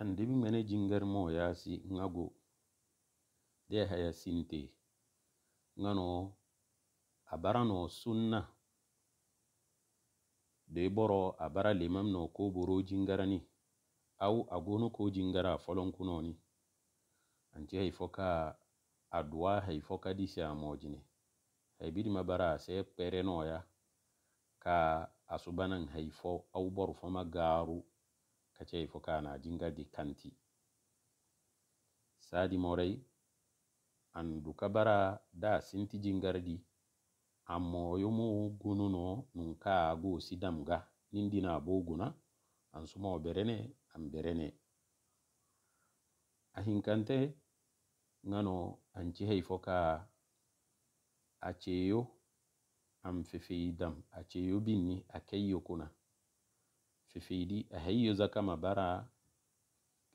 han debi mene jingar mo ya si go de haya sinte ngano no no sunna de boro a limam no ko boro jingarani au agono ko jingara folon ni anti hay foka adwa hay foka sha mojine hay bidi bara se kpere ya ka asubanan hay fo au boro fo magaru kacei fo kana di kanti sadi morai andu kabara da sinti jingardi ammo mu gununo nunka go sidamga nindina boguna an sumo berene an berene ahinkante ngano anci hei foka aceyo an ni aceyo binni akeyyo kuna fifidi ahayyo zaka mabara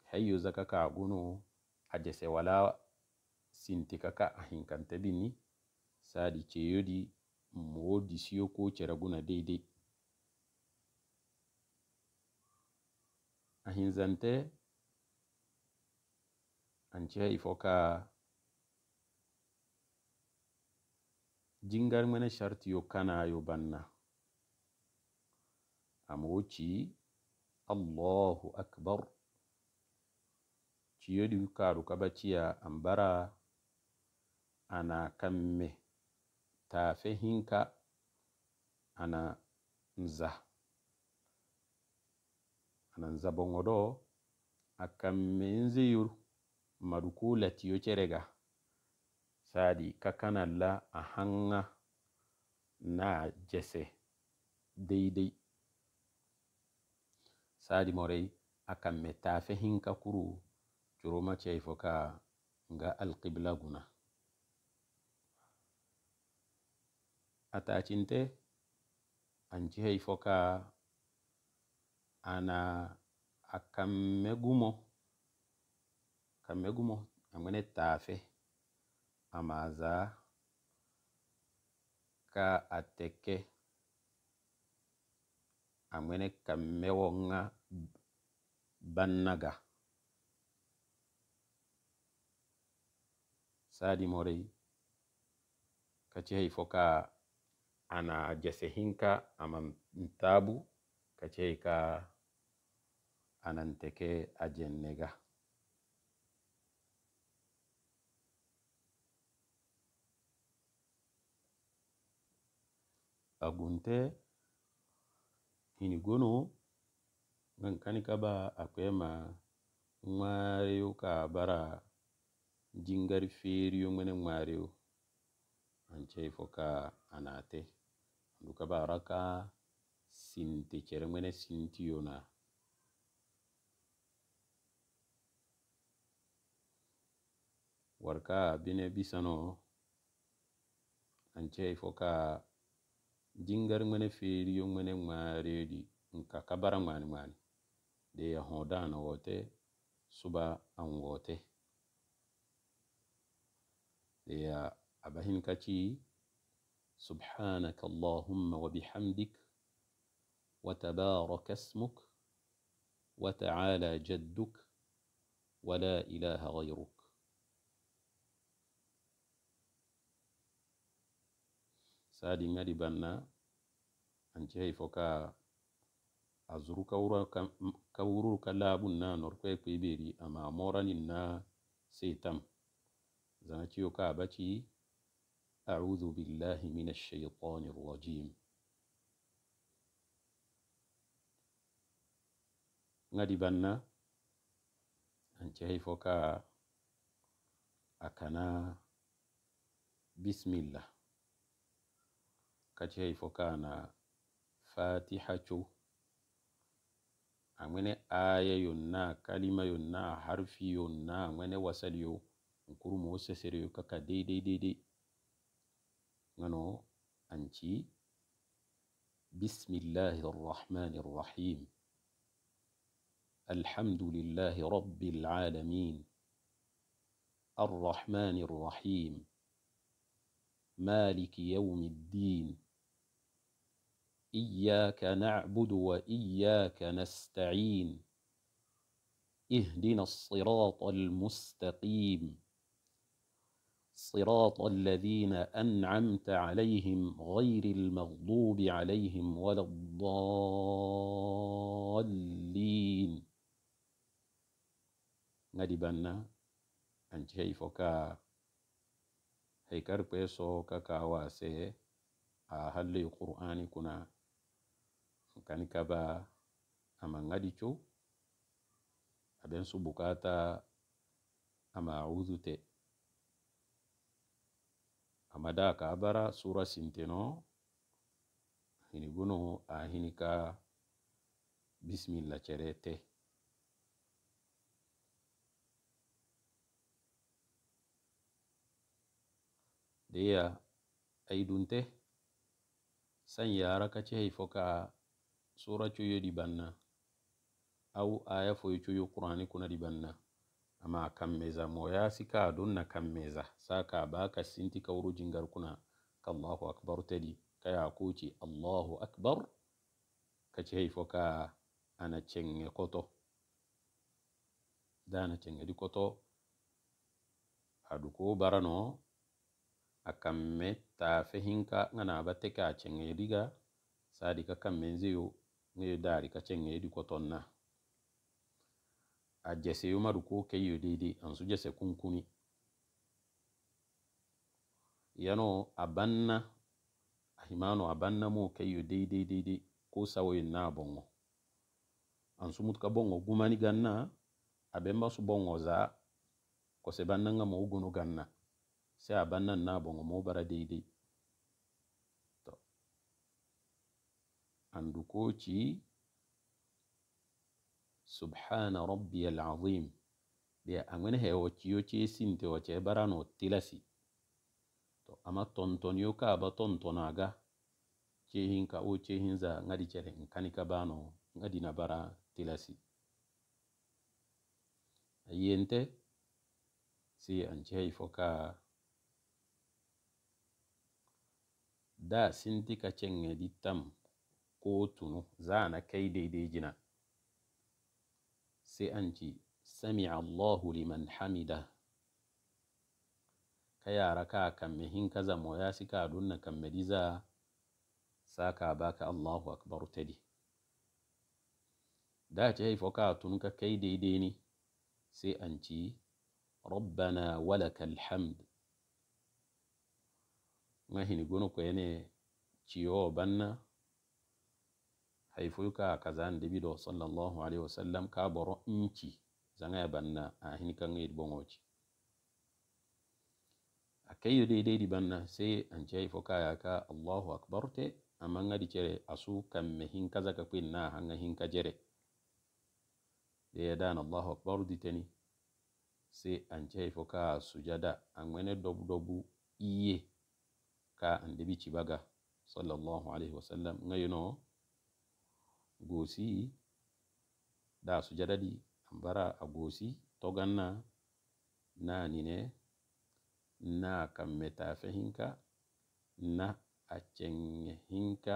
hayyo zaka kaguno ajese wala sinti kaka ahinkanta bini sadi ceyodi mo disiyo ko dede daidai ahinzante anche ifoka jingar mene sharti yokana kana yo banna amo wocci allahu akbar ciyoɗi kaaru kaɓa ciya an bara ana kamme taa fehinka ana nza ana nza boŋo ɗo a kamme nzeyur maɗu ku latiyo cerega saadi kakanalla a haŋga na jese deidei dei. sadi morai akan me tafe hinka kuru curoma cei foka ga alƙibla guna atacinte anci hei foka ana megumo gumo kamme gumo amene tafe a za ka a teke, ateke amene kamme nga. bannaga sadi morey kati hay fo ka ana jese hinka aman taabu kati hay ka ananteke a jennega a gunte hini gonoo ngam kani kaɓa akwema ŋmaariu ka bara jingar feriyo ŋmene ŋmaariu ancei fo ka anate andu kaɓa araka sinti cere ŋmene sintiyo na warka bine bisano ancei fo ka jingar ŋmene feriyo ŋmene ŋmaariu di nka kabara ŋmani ŋmani de ahoɔdana wɔte suba anwɔte de abahin kachi سبحانك اللهم وبحمدك وتبارك اسمك وتعالى جدك ولا إله غيرك سادي غادي بنا أنتهي فكا a zuru kawururuka laɓun na norkwe kpeberi ama moranin na setam zana ciyo ka baci أعوذ بالله من الشيطان الرجيم ngadi banna an cehi foka akana bismillah ka cehi foka na fatihacu amwene aya yonna kalima yonna harfi yonna amwene wasali yo nkuru mo sesere yo kaka de de ngano anci bismillahi rrahmani rrahim الحمد لله رب العالمين الرحمن الرحيم مالك يوم الدين إياك نعبد وإياك نستعين اهدنا الصراط المستقيم صراط الذين أنعمت عليهم غير المغضوب عليهم ولا الضالين ngadi بنا anci hei foka بيسو كاكاواسي so kaka wase a kanikaba amang'adicho abenso bukata amaudute amada kabara sura sinteno hinigono ahinika bismillah cerete deya aidunte san yara kace foka sura coyo di banna aw aya foyo coyo qurani kuna di banna ama kammeza moya si ka donna kammeza saka ba ka sinti kawru jingar kuna ka allahu akbar tadi kaya kuci allahu akbar ka ci hay foka ana cenge koto dana cenge di koto adu ko barano a kamme ta fehinka ngana bateka cenge diga sadi ka kammenzeyo nee daari ka ceŋ ŋeedi koton na a jese yo maru ko ke yo deidei ansu jese kunkuni yano a banna a himano a banna mo ke yo deidei deidei ko sawo yin na bongo ansu mutka bongo gumani ganna a bemba su bongo za ko se banna nga mo gono ganna se a banna na bongo mo bara deidei andukoci subhana rabbi alazim be awene he wocciyo cesinte wace barano tilasi to ama tontonyo kaba tontonaga cehin ka o cehinza ngadi cere nkanika bano ngadina bara tilasi ayente si ancehi foka da sinti ka cengeditam za na kai daidai jina sai an ce sami allahu liman hamida ka yara ka kamme hin ka zamo ya si ka dunna kamme diza saka baka allahu akbar tadi da ce haifo ka tun ka kai daidai ne sai an ce rabbana walakal hamd mahini gono ko yene ciyo banna hay foyu ka kazan debi do sallallahu alaihi wasallam ka boro inci zanga ya banna a hin kan ngi bo ngoci akay de de di banna se an jay fo ka ya ka allahu akbar te amanga di cere asu kam me hin kaza ka pin na hanga hin ka jere de dan allahu akbar di teni se an jay fo ka sujada an wene dobu dobu iye ka an debi cibaga sallallahu alaihi wasallam ngayno you know, gosi da sujadadi ambara to toganna na nine na kammetafe hinka na a hinka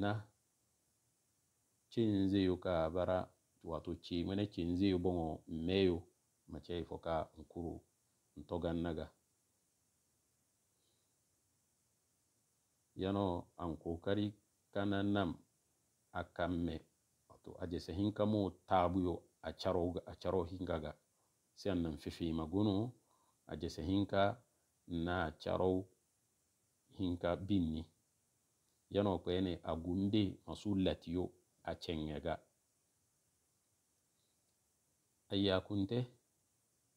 na cinzeyo ka bara wato cimene cinzeyo bongo meyo macei k'a nkuru ntogannaga yano an kokari kana a kamme wato aje se hinka mo tabuyo a caro a caro hinka ga se annan fifi maguno aje se hinka na caro hinka binni yano ko ene agunde masulatiyo a cengega ayya kunte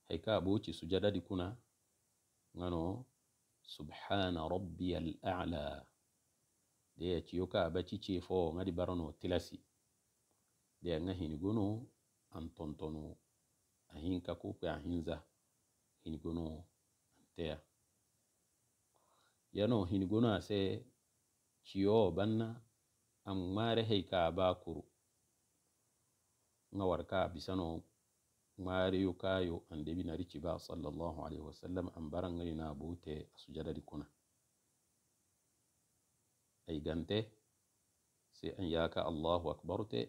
heka boci su jadadi kuna ngano subhana rabbiyal a'la de ya ciyo ka ba ci ce fo nga di barono tilasi de nga hin gono an ton tonu a hin ka ku pe a hin za hin gono te ya yano hin gono a se ciyo banna am mare hay ka ba kuru nga war ka bisano mare yu ka yo an de bi na ri ci ba sallallahu alaihi wasallam am barangay na bute sujada di kuna ayigante si an yaka allahu akbar te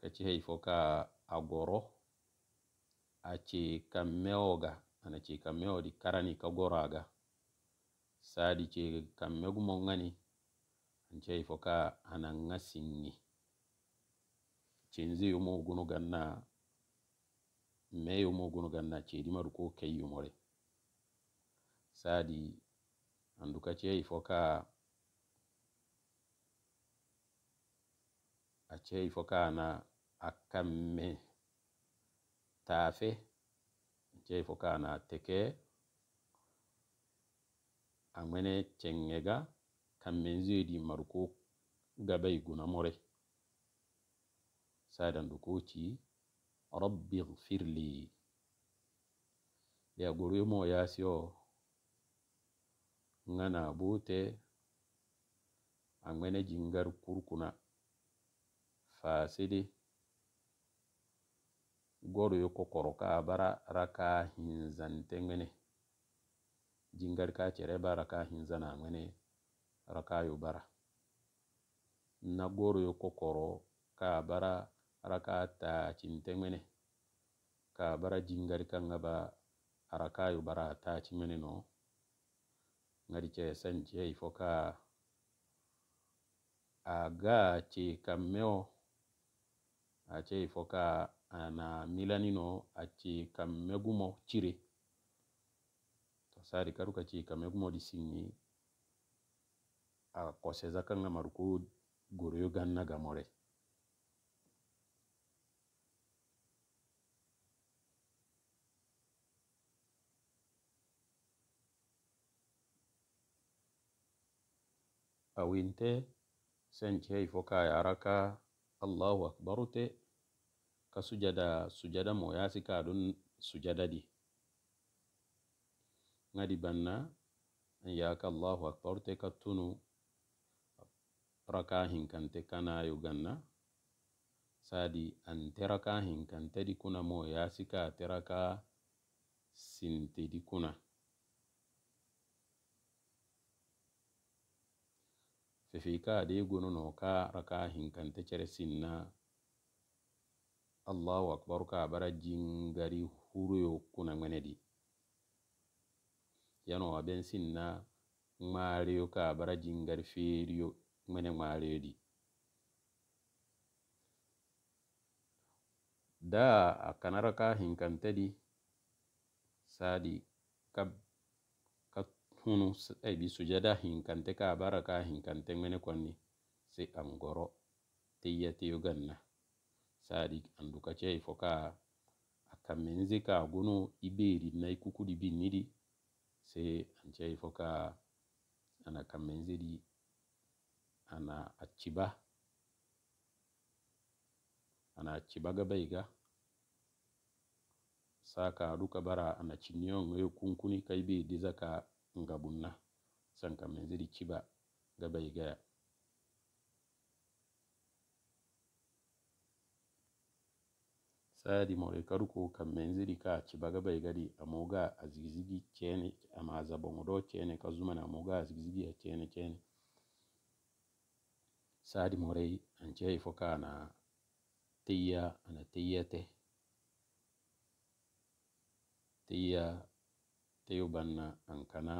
kaci hay fo ka a goro a cika mewoga ana cika mewodi karani ka goro aga sadi cika megumongani anci hay fo ka ana nga singi cinzi yumo gunu ganna me yumo gunu ganna cedimadu ko kei yumore sadi andu kaci hay fo ka acei fokana akamme taafe acei fokana teke aŋene ceŋega kammenzedi maruko gabei gunamore sadanɗukoci rabbi firli ya gurumo yasio ŋana bute aŋene jingar kurkuna fasidi goro yo kokoro ka bara raka hinzante tengene jingar ka chere ba raka hinzana ra raka yo bara na goro yo kokoro ka bara raka ta cinte tengene ka bara jingari kan ŋa ba raka yo bara taci ŋmene no ngari ce sanje ifo ka aga ce kammeo ache i fo ka ana eh, milanino aci kamegumo cire tosari karu kaci kamegumo di sinni a koseza kanga maruko goroyo ganna gamore awinte senchei ka araka allahu akbaru te ka sujada sujada si ka ɗon sujadadi ŋadi banna ka allahu akbaru te ka tunu raka hinkante kanayo ganna sadi ante raka di kuna si ka te raka di kuna fefi ka ade gono no ka raka hinkante cere sinna allahu akbar ka bara jingari huruyo kuna ŋenedi yano aben sinna ŋmariyo ka bara jingari feriyo ŋene ŋmariyo di da akana raka hinkante di sadi kab hũnu ebi eh, sujada hinkante ka bara ka hinkante mene konni sai angoro goro teyya teyo ganna sadi an duka ce ifo ka akammenze ka gono iberi na ikukudi binnidi se an ce ifo ka ana kammenze di ana acciba ana ga sa saka duka bara ana cinniyon ya kunkuni kaybe diza ka Gabunna san sanka menziri kiba ga baigaya sadi more karuko kan menziri ka kiba ga baigari amoga azigizigi chene ama zabongodo chene kazumana a azigizigi ya chene chene sadi more anje ifoka na tiya ana tiyete tiya teyo banna an kana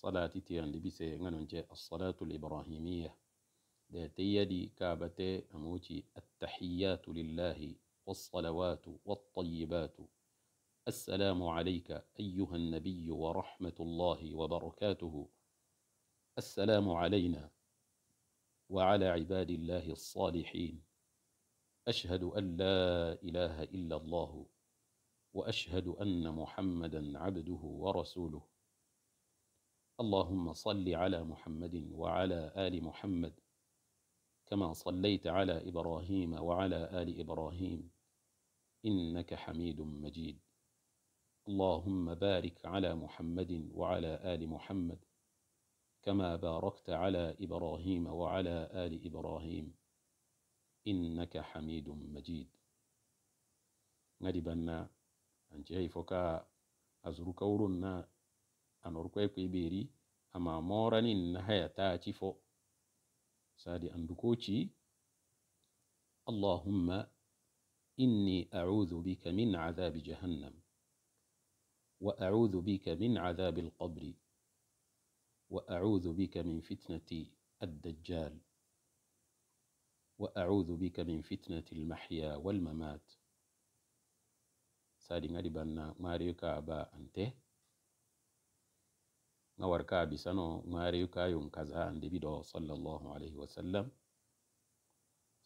salati te an libise nganon دي كابتي أموتي التحيات لله والصلوات والطيبات السلام عليك أيها النبي ورحمة الله وبركاته السلام علينا وعلى عباد الله الصالحين أشهد أن لا إله إلا الله واشهد ان محمدا عبده ورسوله اللهم صل على محمد وعلى ال محمد كما صليت على ابراهيم وعلى ال ابراهيم انك حميد مجيد اللهم بارك على محمد وعلى ال محمد كما باركت على ابراهيم وعلى ال ابراهيم انك حميد مجيد ngadi banna anche hay foka azuru kawrun na anor koy koy beri ama moranin na haya taa chifo fo sadi andukoci allahumma inni a'udhu bika min athabi jahannam wa a'udhu bika min adhabi al-qabri وأعوذ بك من فتنة الدجال وأعوذ بك من فتنة المحيا والممات sadi ngadi banna mariyu ka ba ante ngawar ka bisano mariyu ka yung kaza ande bido sallallahu alaihi wasallam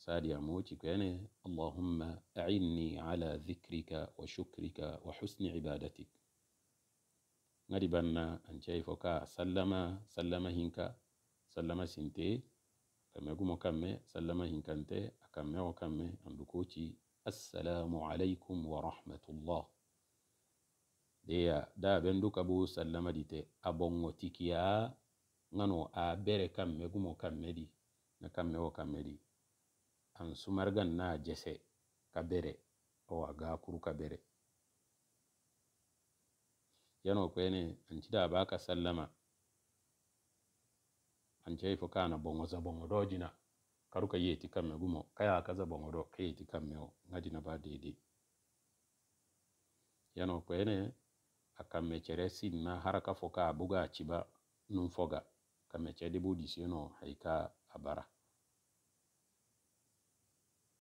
sadi amuci kwene allahumma a'inni ala dhikrika wa shukrika wa husni ibadatik ngadi banna ancei fo ka sallama sallama hinka sallama sinte kamme gumo kamme sallama hinkante akamme o kamme andukoci assalamu alaikum wa rahmatullah deya da ben duka bu sallama dite abongo tikiya ngano a bere kamme gumo kamme di na kamme o kamme di an sumargan na jese ka bere o aga kuru ka bere yano kwene an cida baka sallama an cei fo kana bongo za bongo dojina karuka ye ti kame gumo kaya kaza bongoro ke ti kame o ngadi na badi di yano kwene akame cheresi na haraka foka abuga chiba numfoga kame chedi budi sino haika abara